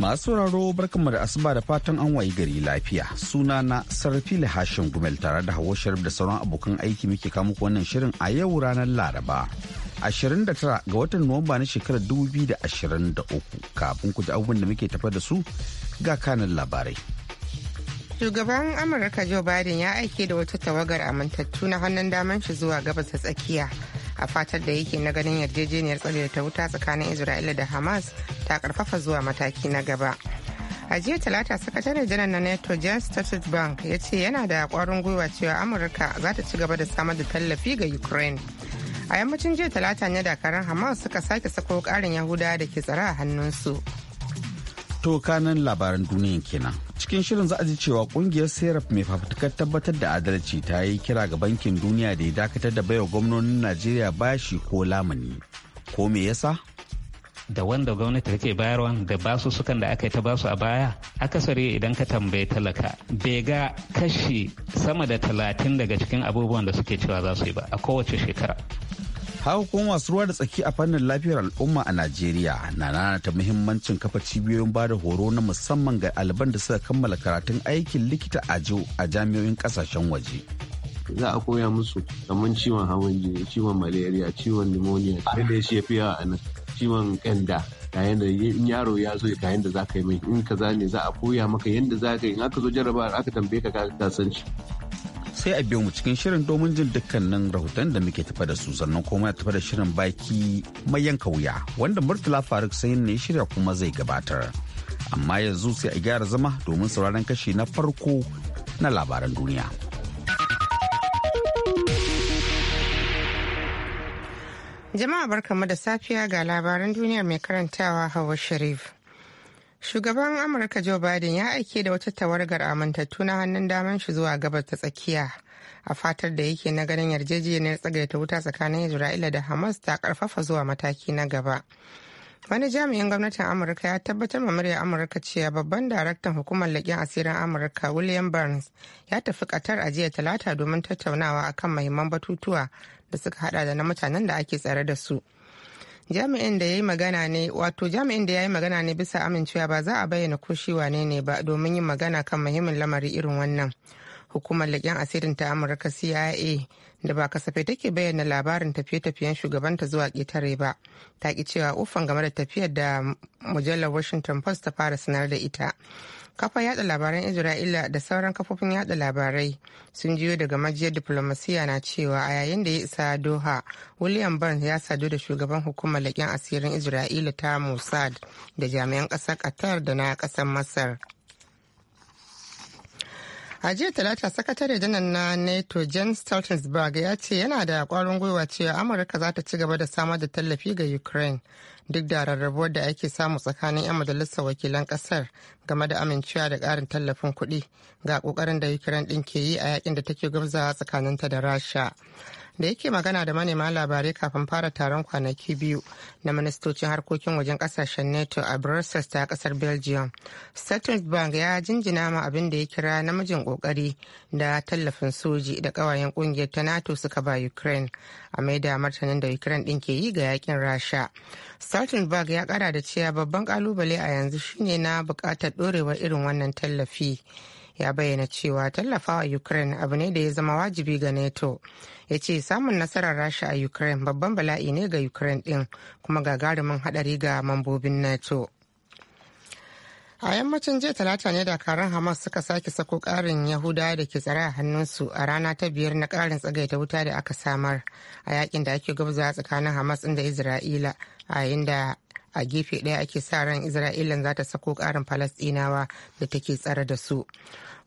Masu sauraro barkanmu da asuba da fatan an wayi gari lafiya. Suna na sarfi hashen Gumel tare da hawa Sharif da sauran abokan aiki muke kawo wannan shirin a yau ranar Laraba. 29 ga watan Nuwamba na shekarar 2023 kafin ku ji abubuwan da muke tafa da su ga kanan labarai. Shugaban Amurka Joe Biden ya aike da wata tawagar amintattu na hannun daman shi zuwa gabas ta tsakiya. a fatar da yake na ganin yarjejeniyar tsare ta wuta tsakanin isra'ila da hamas ta karfafa zuwa mataki na gaba a jiya talata sakataren janar na nato james status bank ya ce yana da kwarin gwiwa cewa amurka za ta ci gaba da samar da tallafi ga ukraine a yammacin jiya talata ne dakarun hamas suka sake sako karin yahuda da ke tsara a hannunsu To kanan labaran duniyan kenan. Cikin shirin za a ji cewa kungiyar serap mai fafutukar tabbatar da adalci ta yi kira ga bankin duniya da ya dakatar da baiwa gwamnonin Najeriya bashi ko lamuni. Ko me yasa? Da wanda gwamnati take bayarwa da basu sukan da aka yi ta basu a baya, akasari idan ka tambayi talaka bai ga kashi sama da talatin daga cikin abubuwan da suke cewa za su yi ba a kowace shekara. haka kuma masu ruwa da tsaki a fannin lafiyar al'umma a najeriya na nanata muhimmancin kafa cibiyoyin bada horo na musamman ga ɗaliban da suka kammala karatun aikin likita a a jami'o'in kasashen waje za a koya musu kamar ciwon hawan jini ciwon malaria ciwon pneumonia da ya shi a nan ciwon kanda ga yadda in yaro ya zo ga yadda za ka yi mai in za ne za a koya maka yadda za ka yi in aka zo jarabawa aka tambaye ka ka san shi sai a biyo mu cikin shirin domin jin dukkanin rahoton da muke tafa da su sannan kuma ya tafa da shirin baki mai yanka wuya wanda murtala faruk sai ne shirya kuma zai gabatar amma yanzu sai a gyara zama domin sauraron kashi na farko na labaran duniya jama'a barkamu da safiya ga labaran duniya mai karantawa hawa sharif Shugaban Amurka Joe Biden ya aike da wata tawargar amintattu na hannun daman shi zuwa gabas ta tsakiya. A fatar da yake na ganin yarjejeniyar tsagaita wuta tsakanin Isra'ila da Hamas ta karfafa zuwa mataki na gaba. Wani jami'in gwamnatin Amurka ya tabbatar ma murya Amurka cewa babban daraktan hukumar leƙen asirin Amurka William Burns ya tafi Qatar a jiya talata domin tattaunawa akan mahimman batutuwa da suka hada da na mutanen da ake tsare da su. jami'in da ya yi magana ne wato jami'in da ya yi magana ne bisa amincewa ba za a bayyana ko shi wane ne ba domin yin magana kan muhimmin lamari irin wannan hukumar leƙen asirin ta amurka cia da ba kasafai take bayyana labarin tafiye-tafiyen shugabanta zuwa ƙetare ba ta ki cewa ufan game da tafiyar da mujallar washington post ta fara sanar da ita kafa yada labaran isra'ila da sauran kafofin yada labarai sun jiyo daga majiyar diplomasiya na cewa a yayin da ya isa doha william burns ya sadu da shugaban hukumar leƙen asirin isra'ila ta mossad da jami'an ƙasar qatar da na ƙasar masar a jiya talata sakatare janar na nato jen stoltenberg ya ce yana da kwarin gwiwa cewa amurka za ta ci gaba da samar da tallafi ga ukraine duk da rarrabuwar da ake samu tsakanin 'yan majalisar wakilan kasar game da amincewa da karin tallafin kuɗi ga kokarin da ukraine ɗin ke yi a yakin da take gwabzawa tsakaninta da rasha da yake magana da manema labarai kafin fara taron kwanaki biyu na ministocin harkokin wajen kasashen nato a brussels ta kasar belgium statut bank ya jinjina ma abin da ya kira namijin kokari da tallafin soji da kawayen kungiyar ta nato suka ba ukraine a da martanin da ukraine din ke yi ga yakin rasha statut bank ya kara da cewa babban kalubale a yanzu shine na bukatar dorewar irin wannan tallafi ya bayyana cewa tallafawa ukraine abu ne da ya zama wajibi ga nato ya ce samun nasarar rasha a ukraine babban bala'i ne ga ukraine din kuma gagarumin hadari ga mambobin nato a yammacin jiya talata ne dakarun hamas suka sake sako karin yahuda da ke tsare a hannunsu a rana ta biyar na karin tsagaita wuta da aka samar a yakin da ake gabza tsakanin hamas da isra'ila a yayin da a gefe daya ake sa ran isra'ilan za ta sako ƙarin falasɗinawa da take tsare da su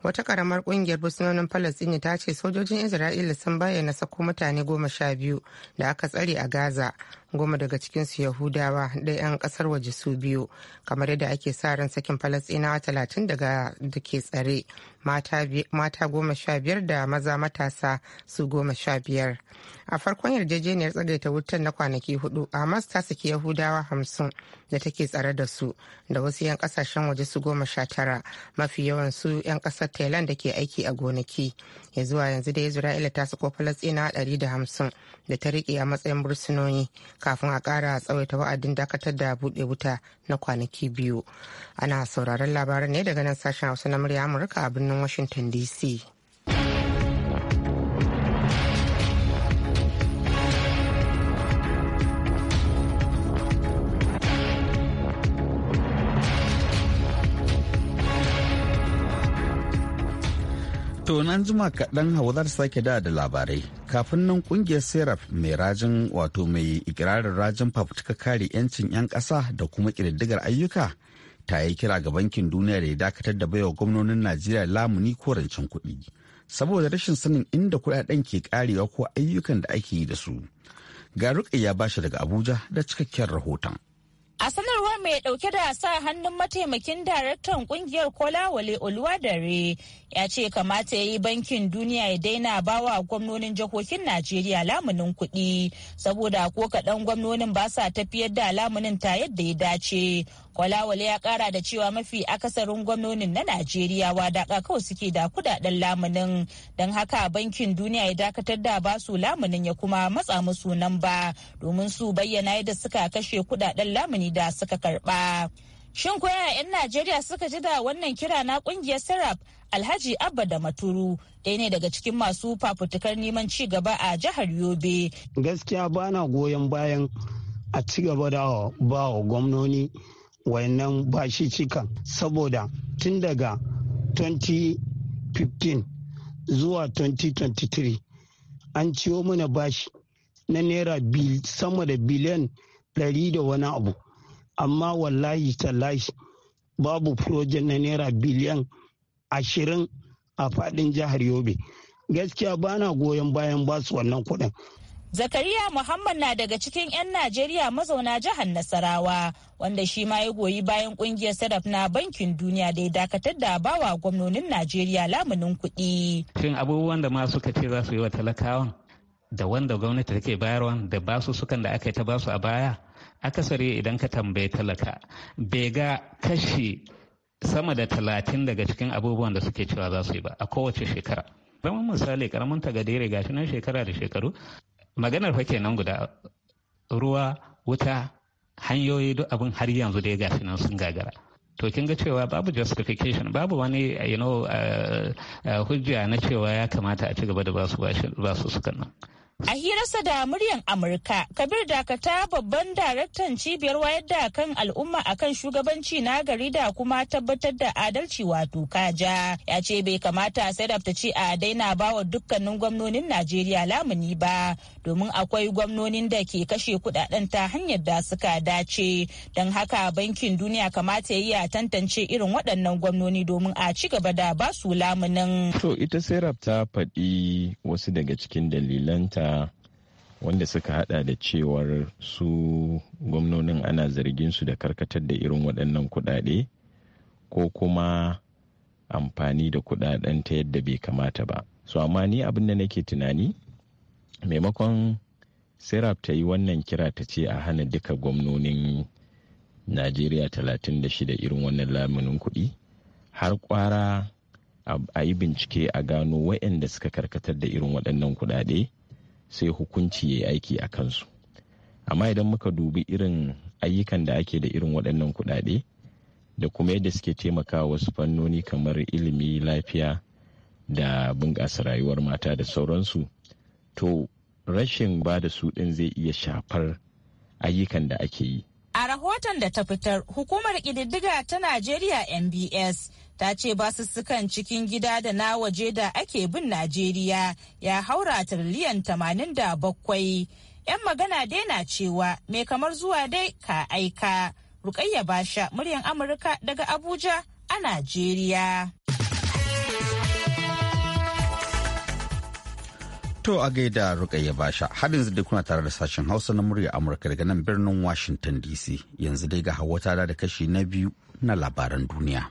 wata karamar kungiyar bursunonin falastini ta ce sojojin isra'ila sun bayyana sako mutane goma sha biyu da aka tsare a gaza goma daga cikinsu yahudawa da 'yan kasar waje su biyu kamar yadda ake sa ran sakin falastinawa talatin daga da ke tsare mata goma sha biyar da maza matasa su goma sha biyar a farkon yarjejeniyar tsagaita wutan na kwanaki hudu hamas ta saki yahudawa hamsin da take tsare da su da wasu 'yan kasashen waje su goma sha tara mafi yawan su 'yan kasar thailand da ke aiki a gonaki ya zuwa yanzu da isra'ila ta sako falastinawa ɗari da hamsin da ta riƙe a matsayin bursunoni kafin a ƙara tsawaita wa'adin dakatar da buɗe wuta na kwanaki biyu ana sauraron labaran ne daga nan sashen hausa na murya amurka a birnin washington dc To nan juma kaɗan hauzar sake da da labarai. kafin nan kungiyar seraf mai rajin wato mai ikirarin rajin fafutuka kare 'yancin 'yan ƙasa da kuma ƙididdigar ayyuka ta yi kira ga bankin duniya da ya dakatar da baiwa gwamnonin najeriya lamuni ko rancen kuɗi saboda rashin sanin inda kuɗaɗen ke karewa ko ayyukan da ake yi da su ga ya bashi daga abuja da cikakken rahoton A sanarwar mai dauke da sa hannun mataimakin daraktan kungiyar Kolawale Oluwadare ya ce kamata ya yi bankin duniya ya daina bawa gwamnonin jihohin Najeriya lamunin kuɗi saboda ko kaɗan gwamnonin ba sa tafiyar da lamunin ta yadda ya dace Kwalawale ya kara da cewa mafi akasarin gwamnonin na Najeriya wadaka kawai suke da kudaden lamunin don haka bankin duniya ya dakatar da basu lamunin ya kuma matsa musu nan ba domin su bayyana yadda suka kashe kudaden lamuni da suka karba. Shin koya 'yan Najeriya suka ji da wannan kira na kungiyar Serap Alhaji Abba da Maturu ɗaya ne daga cikin masu fafutukar neman ci gaba a jihar Yobe. Gaskiya bana goyon bayan a ci gaba da bawa gwamnoni wannan bashi cikan saboda tun daga 2015 zuwa 2023 an ciwo mana bashi na naira sama da biliyan 100 da wani abu amma wallahi tallahi babu projen na naira biliyan 20 a fadin jihar yobe gaskiya bana goyon bayan basu wannan kuɗin Zakariya Muhammad na daga cikin 'yan Najeriya mazauna jihar Nasarawa wanda shi ma ya goyi bayan kungiyar sadaf na bankin duniya da ya dakatar da bawa gwamnonin Najeriya lamunin kuɗi. Shin abubuwan da masu suka ce za su yi wa talakawan da wanda gwamnati take bayarwa da basu sukan da aka yi ta basu a baya akasari idan ka tambaye talaka bai ga kashi sama da talatin daga cikin abubuwan da suke cewa za su yi ba a kowace shekara. Zaman misali karamin tagadere gashi nan shekara da shekaru maganar fa kenan guda ruwa wuta hanyoyi duk abin har yanzu dai gashi nan sun gagara to kin ga cewa babu justification babu wani you know eh, eh, hujja na cewa ya kamata a ci gaba da basu basu sukan nan A hirarsa da muryan Amurka, Kabir Dakata babban daraktan cibiyar wayar da kan al'umma akan shugabanci na gari da kuma tabbatar da adalci wato kaja. Ya ce bai kamata sadaf ta ce a daina ba wa dukkanin gwamnonin Najeriya lamuni ba, domin akwai gwamnonin da ke kashe kudaden ta hanyar da suka dace. Don haka bankin duniya kamata ya tantance irin waɗannan gwamnoni domin a ci gaba da su lamunin. To ita Serap ta faɗi wasu daga cikin dalilanta da wanda suka hada da cewar su gwamnonin ana zargin su da karkatar da irin waɗannan kuɗaɗe ko kuma amfani da kuɗaɗen ta yadda bai kamata ba so amma ni abin da nake tunani maimakon serap ta yi wannan kira ta ce a hana duka gwamnonin najeriya 36 irin wannan laminin kuɗi har kwara a yi bincike a gano waɗanda suka karkatar da irin waɗannan kuɗaɗe sai hukunci ya yi aiki a kansu amma idan muka dubi irin ayyukan da ake da irin waɗannan kuɗaɗe da kuma yadda suke taimakawa wasu fannoni kamar ilimi lafiya da bunƙasa rayuwar mata da sauransu to rashin ba da su ɗin zai iya shafar ayyukan da ake yi a rahoton da ta fitar hukumar ƙididdiga ta najeriya mbs ta ce basussukan cikin gida da na waje da ake bin najeriya ya haura tiriliyan bakwai. 'yan magana dai na cewa mai kamar zuwa dai ka aika rukayya basha muryan amurka daga abuja a najeriya To a gaida Rukayya Basha, hadin yanzu dai kuna tare da sashen Hausa na murya Amurka daga nan birnin Washington DC. Yanzu dai ga hawa da kashi na biyu na labaran duniya.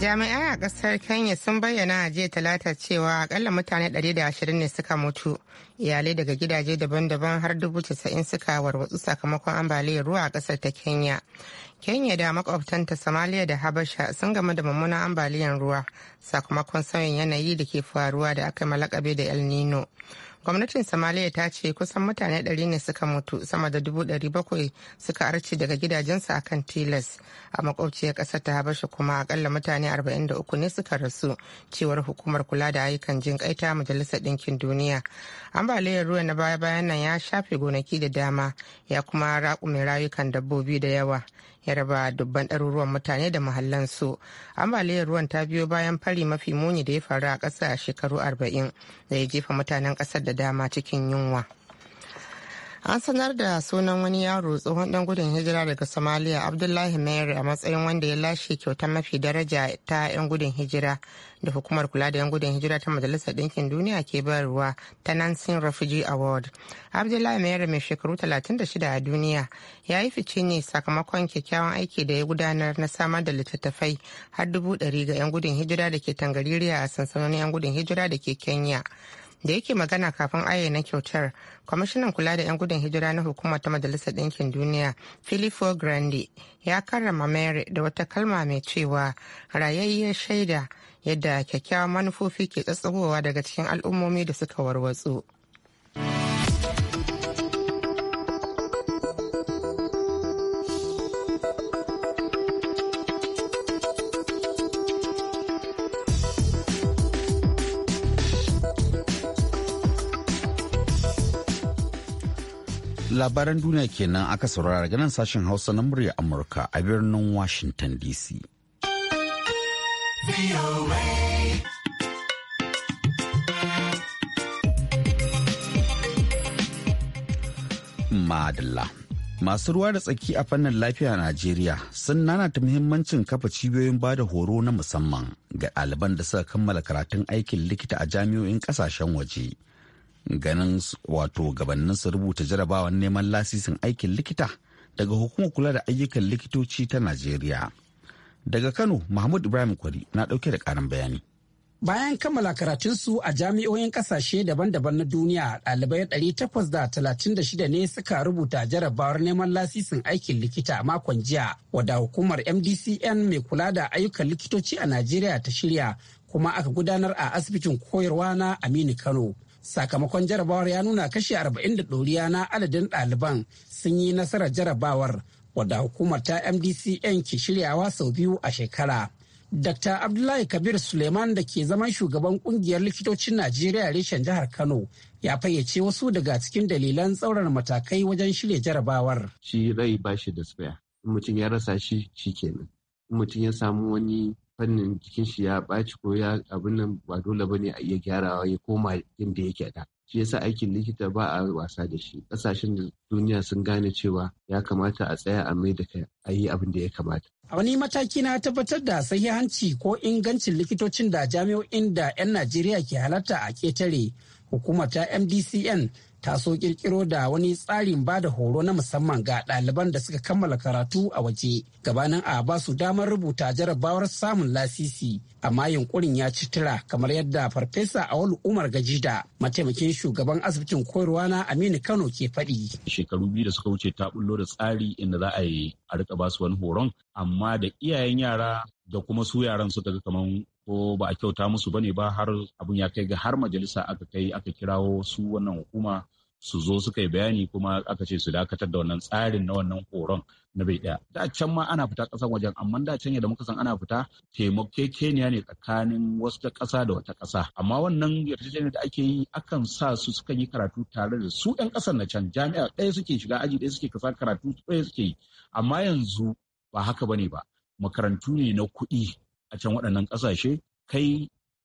jami'ai a kasar kenya sun bayyana a jiya talata cewa akalla mutane 120 ne suka mutu iyalai daga gidaje daban-daban har 90 suka warwatsu sakamakon ambaliyar ruwa a kasar ta kenya kenya da makwabtanta somalia da habasha sun gama da mummunan ambaliyar ruwa sakamakon sauyin yanayi da ke faruwa da aka malakabe da el nino gwamnatin somalia ta ce kusan mutane 100 ne suka mutu sama da 700 suka arce daga gidajensu a kan tilas a makwabciyar ƙasar ta habasha kuma akalla mutane 43 ne suka rasu cewar hukumar kula da ayyukan jin ta majalisar ɗinkin duniya ambaliyar ruwa na baya-bayan nan ya shafe gonaki da dama ya kuma raƙume rayukan dabbobi da yawa ya raba dubban ɗaruruwan mutane da mahallansu ambaliyar ruwan ta biyo bayan fari mafi muni da ya faru a ƙasa a shekaru arba'in da ya jefa mutanen ƙasar da dama cikin yunwa. an sanar da sunan wani yaro tsohon dan gudun hijira daga somalia abdullahi mayar a matsayin wanda ya lashe kyauta mafi daraja ta 'yan gudun hijira da hukumar kula da 'yan gudun hijira ta majalisar ɗinkin duniya ke bayarwa ta nansin refugee award abdullahi mayar mai shekaru 36 a duniya ya yi fice ne sakamakon kyakkyawan aiki da ya gudanar na samar da littattafai har dubu ɗari ga 'yan gudun hijira da ke tangaririya a sansanonin 'yan gudun hijira da ke kenya da yake magana kafin ayyana kyautar kwamishinan kula da 'yan gudun hijira na hukumar ta majalisar ɗinkin duniya filippo grande ya karrama mary da wata kalma mai cewa rayayyar shaida yadda kyakkyawan manufofi ke tsatsagowa daga cikin al'ummomi da suka warwatsu labaran duniya kenan aka saurara daga nan sashen Hausa na murya Amurka a birnin Washington DC. Madalla. Masu ruwa da tsaki a fannin lafiya a Najeriya sun nanata muhimmancin kafa cibiyoyin ba da horo na musamman ga ɗaliban da suka kammala karatun aikin likita a jami'o'in ƙasashen waje ganin wato gabanin su rubuta jarabawan neman lasisin aikin likita daga hukumar kula da ayyukan likitoci ta najeriya daga kano mahmud ibrahim kwari na dauke da karin bayani bayan kammala karatunsu a jami'o'in ƙasashe daban-daban na duniya ɗalibai ɗari takwas da da talatin shida ne suka rubuta jarabawar neman lasisin aikin likita a makon jiya wadda hukumar mdcn mai kula da ayyukan likitoci a najeriya ta shirya kuma aka gudanar a asibitin koyarwa na aminu kano sakamakon jarabawar ya nuna kashi arba'in da ɗoriya na adadin ɗaliban sun yi nasarar jarabawar wadda hukumar ta mdcn ke shiryawa sau biyu a shekara dr abdullahi kabir suleiman da ke zaman shugaban kungiyar likitocin najeriya reshen jihar kano ya fayyace wasu daga cikin dalilan tsaurar matakai wajen shirya jarabawar shi rai ba shi da tsaya mutum ya rasa shi shi kenan mutum ya samu wani fannin jikin shi ya ɓaci ko ya abin nan ba dole bane a iya gyarawa ya koma yadda yake da shi yasa aikin likita ba a wasa da shi ƙasashen da duniya sun gane cewa ya kamata a tsaya a mai da a yi abin da ya kamata a wani mataki na tabbatar da sahihanci ko ingancin likitocin da jami'o'in da 'yan najeriya ke halarta a ketare hukumar ta mdcn ta so kirkiro da wani tsarin ba da horo na musamman ga ɗaliban da suka kammala karatu a waje gabanin a ba su damar rubuta jarabawar samun lasisi amma yunkurin ya ci tura kamar yadda farfesa a awal umar gajida mataimakin shugaban asibitin koyarwa na aminu kano ke faɗi. shekaru biyu da suka wuce ta bullo da tsari inda za a yi a rika ba su wani horon amma da iyayen yara da kuma su yaran suka ga kaman ko ba a kyauta musu bane ba har abun ya kai ga har majalisa aka kai aka kirawo su wannan hukuma su zo suka yi bayani kuma aka ce su dakatar da wannan tsarin na wannan horon na bai daya da can ma ana fita kasan wajen amma da can yadda muka san ana fita taimakekeniya ne tsakanin wasu ta kasa da wata kasa amma wannan yarjejeniya da ake yi akan sa su suka yi karatu tare da su yan kasan na can jami'a ɗaya suke shiga aji ɗaya suke kasa karatu ɗaya suke yi amma yanzu ba haka bane ba makarantu ne na kuɗi a can waɗannan ƙasashe kai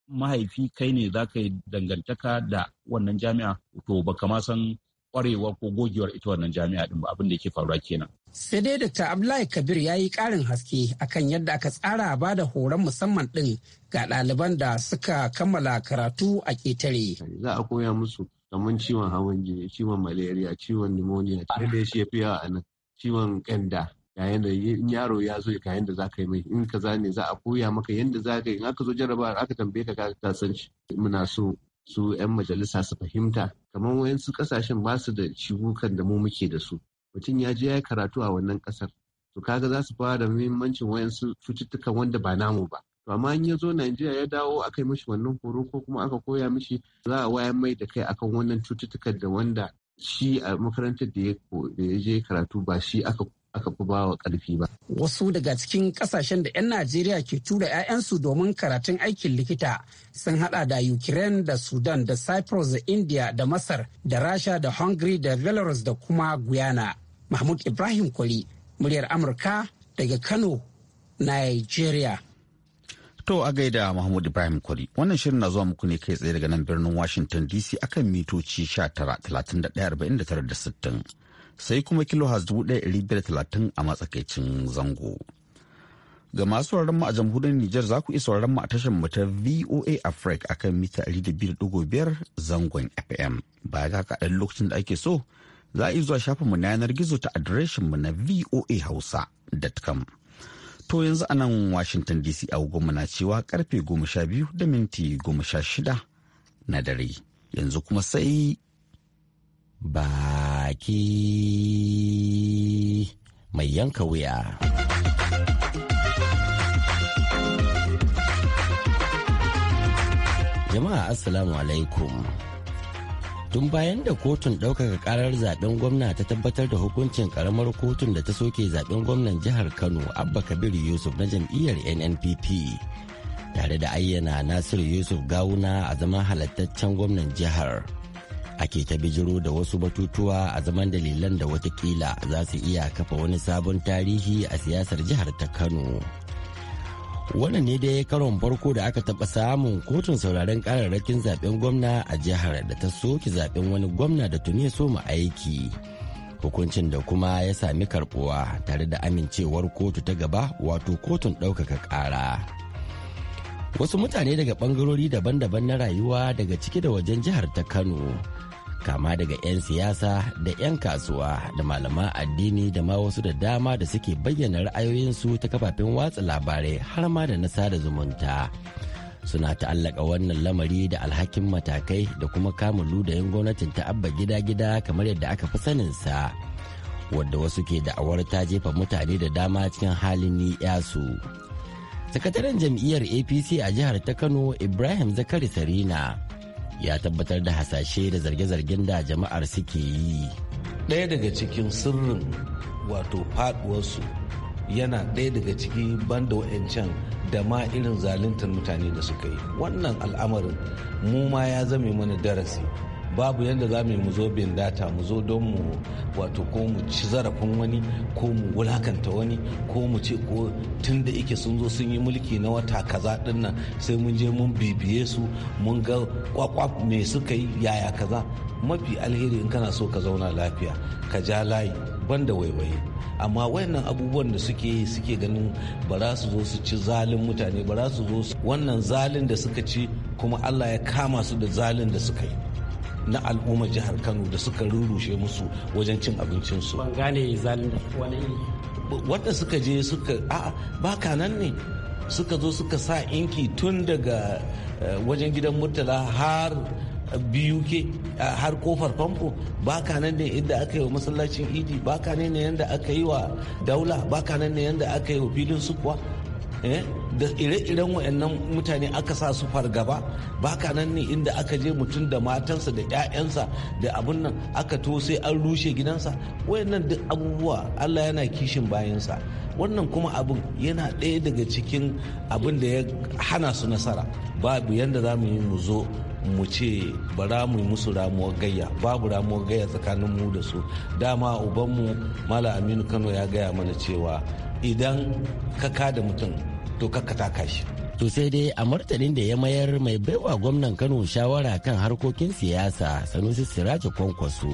mahaifi kai ne za ka yi dangantaka da wannan jami'a to ba kama san kwarewa ko gogewar ita wannan jami'a din ba abin da yake faruwa kenan. Sai dai Dr. Abdullahi Kabir ya yi ƙarin haske akan yadda aka tsara ba da horon musamman ɗin ga ɗaliban da suka kammala karatu a ƙetare. Za a koya musu kamar ciwon hawan jini, ciwon malaria, ciwon pneumonia, ah. da shi ya fi a nan, ciwon ƙanda. yayin da yaro ya zo kayan yanda za ka yi mai in za ne za a koya maka yadda za ka yi in aka zo jarabawa aka tambaye ka ka san shi muna so su 'yan majalisa su fahimta kamar wayansu kasashen ba su da shigukan da mu muke da su mutum ya je ya yi karatu a wannan kasar to kaga za su fara da muhimmancin wayansu cututtukan wanda ba namu ba to amma in ya zo Najeriya ya dawo aka yi mishi wannan horo ko kuma aka koya mishi za a wayar mai da kai akan wannan cututtukan da wanda shi a makarantar da ya je karatu ba shi aka aka fi bawa karfi ba. Wasu daga cikin kasashen da 'yan Najeriya ke tura 'ya'yansu domin karatun aikin likita sun hada da Ukraine da Sudan da Cyprus da India da Masar da Rasha da Hungary da Belarus da kuma Guyana. Mahmud Ibrahim Kwali, muryar Amurka daga Kano, Nigeria. To a gaida Mahmud Ibrahim Kwari wannan shirin na zuwa muku ne kai tsaye daga nan birnin Washington DC akan mitoci 19 31 da 60. sai kuma da 1530 a matsakaicin zango. Ga masu mu a jamhuriyar Nijar za ku iya mu a tashar mu ta VOA Africa akan mita 200.5 zangon FM. Baya ga kaɗan lokacin da ake so, za a iya zuwa shafinmu na yanar gizo ta adireshin mu na voahausa.com. To yanzu a nan Washington DC goma na cewa karfe biyu da minti shida na dare. Yanzu kuma sai baki mai yanka wuya. Jama'a Assalamu alaikum. Tun bayan da kotun ɗaukaka ƙarar zaɓen gwamna ta tabbatar da hukuncin ƙaramar kotun da ta soke zaɓen gwamnan jihar Kano Abba Kabir Yusuf na jam'iyyar NNPP tare da ayyana Nasiru Yusuf Gawuna a zama halattaccen gwamnan jihar. ake ta bijiro da wasu batutuwa a zaman dalilan da watakila za su iya kafa wani sabon tarihi a siyasar jihar ta kano wannan ne dai karon farko da aka taba samun kotun sauraren kararrakin zaben gwamna a jihar da ta soke zaben wani gwamna da tuni ya mu aiki hukuncin da kuma ya sami karbuwa tare da amincewar kotu ta gaba wato kotun ɗaukaka ƙara wasu mutane daga bangarori daban-daban na rayuwa daga ciki da wajen jihar ta kano kama daga 'yan siyasa da 'yan kasuwa da malama addini da ma wasu da dama da suke bayyana ra'ayoyinsu ta kafafen watsa labarai har ma da na sada zumunta suna ta'allaka wannan lamari da alhakin matakai da kuma kamun ludayin gwamnatin ta abba gida-gida kamar yadda aka fi saninsa wadda wasu ke da'awar ta jefa mutane da dama cikin halin 'yasu. sakataren jam'iyyar apc a jihar ta kano ibrahim zakari sarina ya tabbatar da hasashe da zarge-zargen da jama'ar suke yi ɗaya daga cikin sirrin wato faɗuwarsu yana ɗaya daga ciki banda wa'ancan da ma irin zaluntar mutane da suka yi wannan al'amarin mu ma ya zame mana darasi babu yadda za mu yi mu zo bin data mu zo don mu wato ko mu ci zarafin wani ko mu wulakanta wani ko mu ce ko tun da ike sun zo sun yi mulki na wata kaza din sai mun je mun bibiye su mun ga kwakwaf me suka yi yaya kaza mafi alheri in kana so ka zauna lafiya ka ja layi banda waiwaye amma wayannan abubuwan da suke yi suke ganin ba za su zo su ci zalin mutane ba za su zo wannan zalin da suka ci kuma allah ya kama su da zalin da suka yi na al'ummar jihar kano da suka rurrushe musu wajen cin abincinsu wadda wani suka je suka a baka nan ne suka zo suka sa inki tun daga eh, wajen gidan murtala har biyu ke har kofar famfo baka nan ne inda aka yi wa masallacin idi baka nan ne yadda aka yi wa daula baka nan ne yadda aka yi wa filin sukuwa eh? da ire-iren wayannan mutane aka sa su fargaba ba ka nan ne inda aka je mutum da matansa da 'ya'yansa da abin nan aka to sai an rushe gidansa wayannan duk abubuwa allah yana kishin bayansa wannan kuma abin yana ɗaya daga cikin abin da ya hana su nasara babu yadda za mu yi mu zo mu ce bara mu musu ramuwar gayya babu ramuwar gayya tsakanin mu da su dama ubanmu mala aminu kano ya gaya mana cewa idan ka kada mutum to kakka taka shi to sai dai a martanin da ya mayar mai baiwa gwamnan kano shawara kan harkokin siyasa sanusi siraje kwankwaso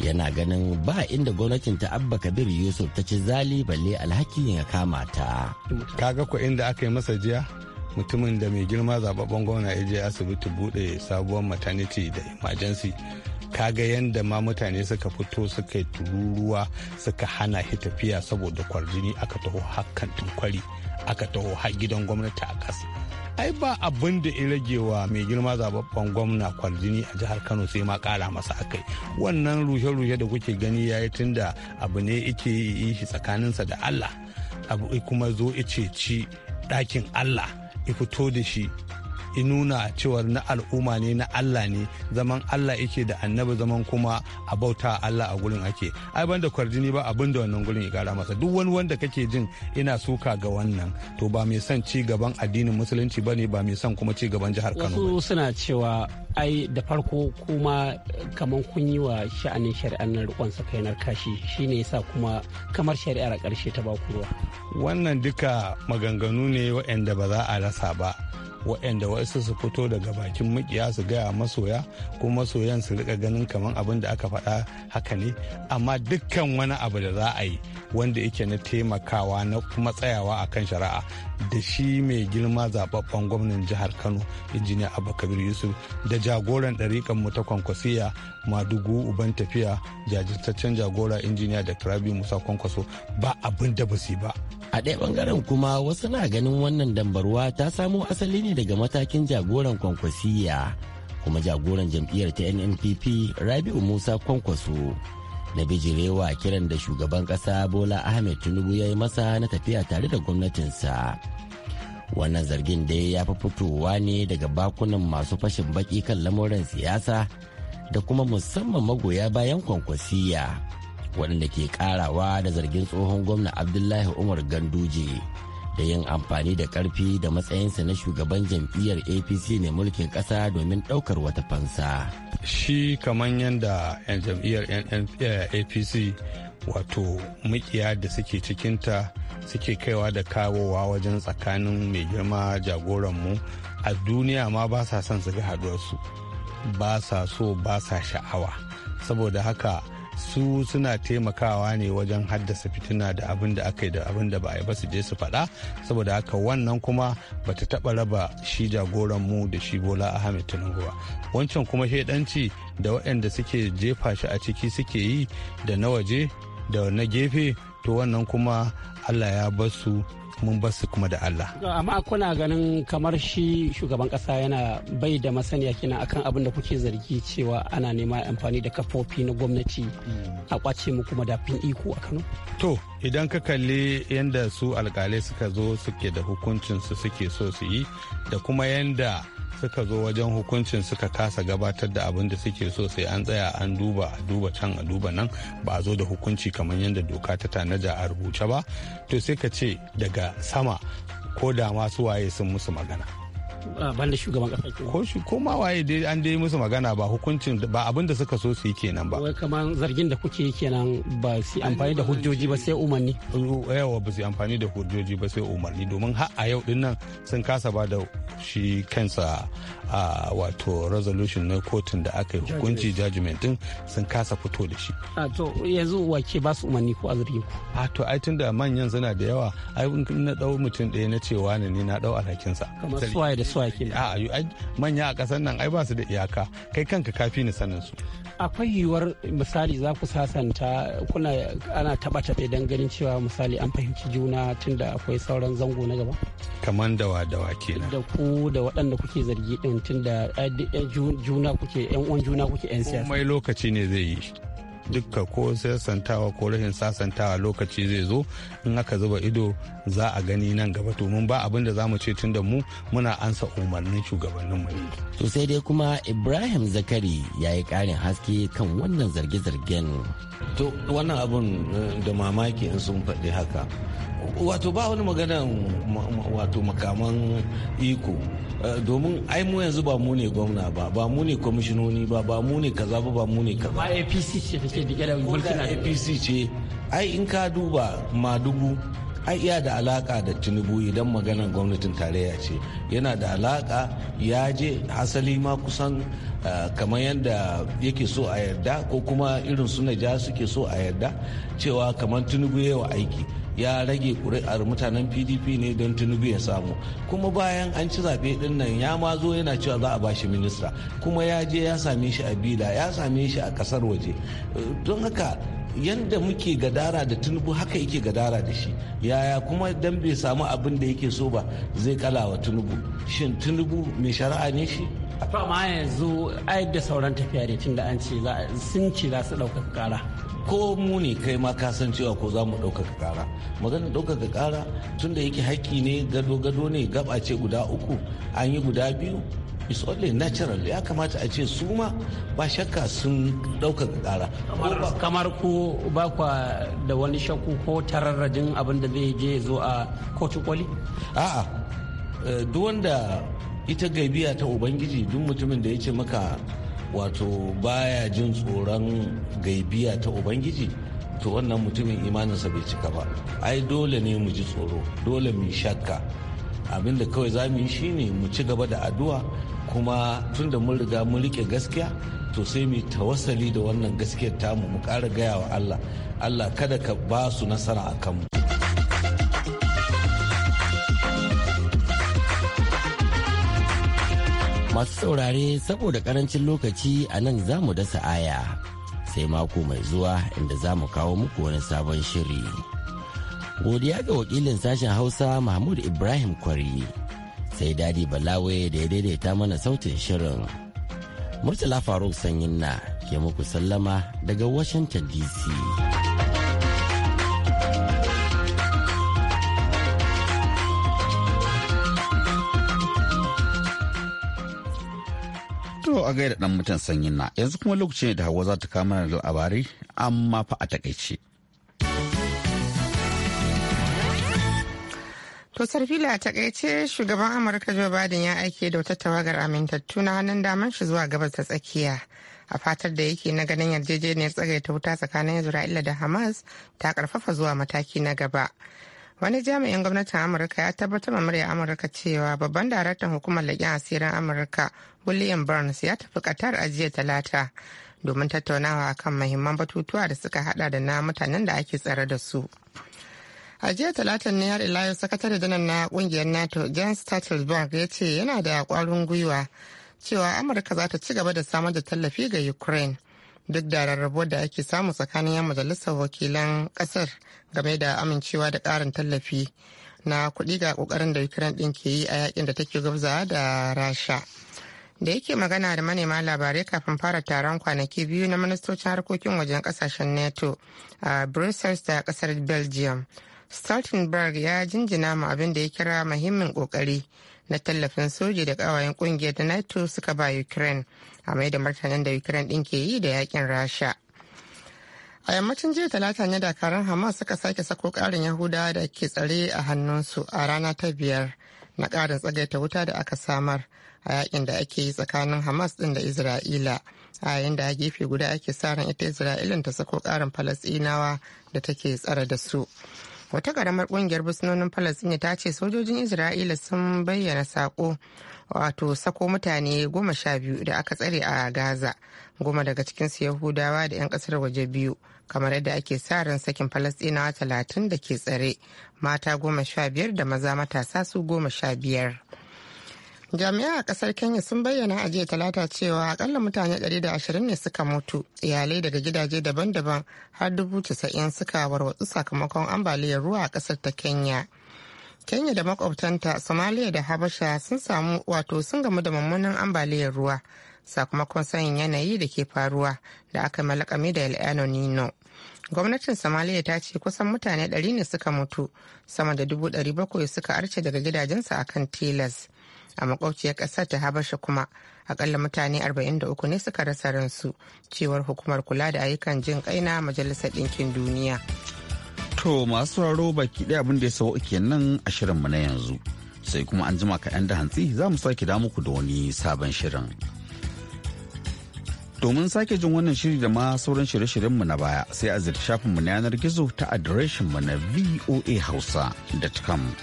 yana ganin ba inda gwamnatin ta abba kabir yusuf ta ci zali balle alhaki ya kama ta kaga ko inda aka yi masa jiya mutumin da mai girma zababben gwamna ya je asibiti bude sabuwar maternity da emergency ka ga yadda ma mutane suka fito suka yi tururuwa suka hana shi tafiya saboda kwarjini aka taho hakan tunkwari aka taho har gidan gwamnati a ƙasa ai ba abin da ya rage wa mai girma zababban gwamna kwarjini a jihar kano sai ma kara masa akai wannan rushe-rushe da kuke gani ya yi tun da abu ne ike yi shi tsakaninsa da allah abu kuma zo ice ci dakin allah ya fito da shi inuna cewa na al'umma ne na Allah ne zaman Allah yake da annabi zaman kuma a bauta Allah a gurin ake ai banda kwarjini ba abin da wannan gurin ya kara masa duk wani wanda kake jin ina suka ga wannan to ba mai son ci gaban addinin musulunci ba ne ba mai son kuma ci gaban jihar Kano wasu suna cewa ai da farko kuma kamar kun yi wa sha'anin shari'ar nan rikon sakainar kashi shine yasa kuma kamar shari'ar a ta baku ruwa wannan duka maganganu ne waɗanda ba za a rasa ba waɗanda wasu su fito daga bakin makiya su gaya masoya ko masoyan su rika ganin kamar abin da aka faɗa haka ne amma dukkan wani abu da za a yi wanda yake na taimakawa na kuma tsayawa a kan shari'a da shi mai girma zababben gwamnan jihar kano injiniya abubakar yusuf da jagoran ɗarikan mu ta kwankwasiya madugu uban tafiya jajirtaccen jagora injiniya da turabi musa kwankwaso ba abin da ba su yi ba a ɗaya ɓangaren kuma wasu na ganin wannan dambarwa ta samo asali ne daga matakin jagoran kwankwasiya kuma jagoran jam'iyyar ta nnpp rabi'u musa kwankwaso na bijirewa kiran da shugaban ƙasa bola ahmed tinubu ya yi masa na tafiya tare da gwamnatinsa wannan zargin dai ya fi fitowa ne daga bakunan masu fashin baki kan lamuran siyasa da kuma musamman magoya bayan kwankwasiya waɗanda ke karawa da zargin tsohon gwamna abdullahi umar ganduje da yin amfani da ƙarfi da matsayinsa na shugaban jam'iyyar apc ne mulkin ƙasa domin ɗaukar wata fansa shi kamar yadda 'yan jam'iyyar apc eh, wato mukiya da suke cikinta suke kaiwa da kawowa wajen tsakanin mai girma jagoranmu a duniya ma ba sa son su ga haduwarsu ba sa so ba sa sha'awa saboda haka su suna taimakawa ne wajen haddasa fitina da abin da aka yi da abin da ba a yi ba su je su faɗa saboda haka wannan kuma bata taɓa raba shi jagoran mu da shi bola ahmed tinubu ba wancan kuma shaidanci da waɗanda suke jefa shi a ciki suke yi da na waje da na gefe to wannan kuma allah ya basu mun bar su kuma da Allah. Amma kuna ganin kamar shi shugaban kasa yana bai da masaniya kenan akan abin da kuke zargi cewa ana neman amfani da kafofi na gwamnati a kwace mu kuma dafin iko a Kano. To idan ka kalli yadda su alkalai suka zo suke da hukuncin su suke so su yi da kuma yadda suka zo wajen hukuncin suka kasa gabatar da abin da suke so sai an tsaya an duba a duba can a duba nan ba a zo da hukunci kamar yadda doka ta tanaja a rubuce ba to sai ka ce daga sama ko da masu waye sun musu magana Ah, banda shugaban kasa ke ko shi ko ma waye dai an dai musu magana ba hukuncin ba abin da suka so su yi kenan ba wai kaman zargin da kuke kenan ba su amfani da hujjoji ba sai umarni yawa ba su amfani da hujjoji ba sai umarni domin har a yau din nan sun kasa ba da shi kansa a wato resolution na kotun da aka yi hukunci judgment din sun kasa fito da shi a to yanzu wake ba su umarni ko azurgin ku a to ai da manyan zana da yawa ai in na dau mutum ɗaya na cewa ne ni na dau alhakin sa kamar suwaye da suwaye ke a manya a ƙasar nan ai ba su da iyaka kai kanka kafi ni sanin su akwai yiwuwar misali za ku sasanta kuna ana taba tafe don ganin cewa misali an fahimci juna tun da akwai sauran zango na gaba kaman dawa dawa kenan da ku da waɗanda kuke zargi din da eh, juna kuke yan uwan juna kuke yan siyasa mai lokaci ne zai yi dukka ko sasantawa ko rashin sasantawa lokaci zai zo in aka zuba ido za a gani nan gaba to mun ba abin da za mu ce tun da mu muna ansa umarnin shugabannin mu ne. To sai dai kuma Ibrahim Zakari ya yi ƙarin haske kan wannan zarge-zargen. To wannan abun eh, da mamaki in sun faɗi haka. Wato ba wani magana wato makaman iko eh, domin ai mu yanzu ba mu ne gwamna ba ba mu ne kwamishinoni ba ba mu ne kaza ba ba mu ne kaza. Ba APC ce suke rike da mulkin apc ce ai in ka duba madugu ai iya da alaka da tinubu idan maganar gwamnatin tarayya ce yana da alaka ya je hasali ma kusan ah, kamar yadda yake so a yarda ko kuma irin su ja suke so a yarda cewa kamar tinubu yawa aiki ya rage ƙuri'ar mutanen pdp ne don tinubu ya samu kuma bayan an ci zaɓe ɗin nan ya ma zo yana cewa za a ba shi minista kuma ya je ya same shi a bila ya same shi a ƙasar waje don haka yadda muke gadara da tunubu haka yake gadara da shi yaya kuma dan bai samu abin da yake so ba zai kala wa tinubu shin tinubu mai shari'a ne shi to amma yanzu ai da sauran tafiya da tun da an ce sun ce za su ɗaukaka kara ko mu ne kai ma ka san cewa ko za mu ɗaukaka ƙara maganar ɗaukaka ƙara tun da yake haƙƙi ne gado-gado ne gaba ce guda uku an yi guda biyu it's only natural ya kamata a ce su ma ba shakka sun ɗaukaka ƙara. kamar ku ba kwa da wani shakku ko tararrajin abin da zai je zo a kotu kwali a'a eh, duk wanda ita gaibiya ta ubangiji duk mutumin da ya ce maka wato baya jin tsoron gaibiya ta ubangiji to wannan mutumin imaninsa bai cika ba ai dole ne mu ji tsoro dole mu shakka abinda kawai za mu yi shine mu ci gaba da addu'a kuma tunda mun riga mun rike gaskiya to sai mu tawassali da wannan gaskiyar tamu mu ƙara gaya wa Allah Allah kada ka ba su nasara a kanmu Masu saurare saboda karancin lokaci a nan za mu dasa aya sai mako mai zuwa inda za mu kawo muku wani sabon shiri. Godiya ga wakilin sashen Hausa Mahmud Ibrahim Kwari sai Dadi Balawe da ya daidaita mana sautin shirin. Murtala Faruk Sanyin na ke muku sallama daga Washington DC. To a gaida dan mutan sanyin na yanzu kuma lokaci ne da hawa za ta kama da labarai amma fa a takaice. To sarfila a takaice shugaban Amurka Joe Biden ya aike da wata tawagar amintattu na hannun daman shi zuwa gabas ta tsakiya. a fatar da yake na ganin yarjejeniyar tsagaita wuta tsakanin isra'ila da hamas ta karfafa zuwa mataki na gaba wani jami'in gwamnatin amurka ya tabbatar ma murya amurka cewa babban daraktan hukumar leƙen asirin amurka william burns ya tafi qatar a jiya talata domin tattaunawa kan mahimman batutuwa da suka hada da na mutanen da ake tsare da su a jiya talatin ne har ilayo sakatare janar na kungiyar nato john stattlesburg ya ce yana da kwarin gwiwa cewa amurka za ta ci gaba da samar da tallafi ga ukraine duk da rarrabuwar da ake samu tsakanin 'yan majalisar wakilan kasar game da amincewa da ƙarin tallafi na kuɗi ga ƙoƙarin da ukraine ɗin ke yi a yakin da take gabza da rasha da yake magana da manema labarai kafin fara taron kwanaki biyu na ministocin harkokin wajen kasashen nato a brussels da kasar belgium stoltenberg ya jinjina mu abin da ya kira muhimmin kokari na tallafin soji da ƙawayen ƙungiyar da nato suka ba ukraine a mai da martanin da ukraine din ke yi da yakin rasha a yammacin jiya talata ne dakarun hamas suka sake sako karin yahudawa da ke tsare a hannunsu a rana ta biyar na karin tsagaita wuta da aka samar a yakin da ake yi tsakanin hamas din da isra'ila a yayin da a gefe guda ake sa ran ita isra'ilin ta sako karin falasinawa da take tsare da su wata karamar kungiyar busnonin palestina ta ce sojojin isra'ila sun bayyana sako wato sako mutane goma sha biyu da aka tsare a gaza goma daga cikinsu yahudawa da 'yan kasar waje biyu kamar yadda ake sa ran sakin falastinawa talatin da ke tsare mata goma sha biyar da maza matasa su goma sha biyar jami'a a kasar kenya sun bayyana a jiya talata cewa akalla mutane 120 ne suka mutu iyalai daga gidaje daban-daban har dubu 90 suka warwatsu sakamakon ambaliyar ruwa a kasar ta kenya kenya da makwabtanta somaliya da habasha sun samu wato sun gamu da mummunan ambaliyar ruwa sakamakon sanyin yanayi da ke faruwa da aka malakami da el nino gwamnatin somaliya ta ce kusan mutane 100 ne suka mutu sama da 700 suka arce daga gidajensu akan tilas a makwabciyar kasar ta habasha kuma akalla mutane 43 ne suka rasa ransu cewar hukumar kula da ayyukan jin kai na majalisar ɗinkin duniya to masu sauraro baki ɗaya abin da ya sawo nan a shirinmu na yanzu sai kuma an jima kaɗan da hantsi za mu sake da muku da wani sabon shirin domin sake jin wannan shiri da ma sauran shirye-shiryenmu na baya sai a zirta shafinmu na yanar gizo ta adireshinmu na voa hausa.com.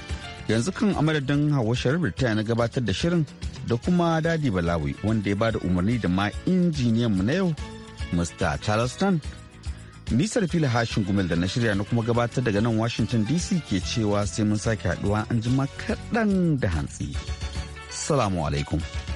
yanzu kan amadadin hawa sharif ta na gabatar da shirin da kuma dadi balawi wanda ya bada umarni da ma injiniyan mu na yau mr charleston nisar fili hashin gumel da na shirya na kuma gabatar daga nan washington dc ke cewa sai mun sake haduwa an jima kaɗan da hantsi salamu alaikum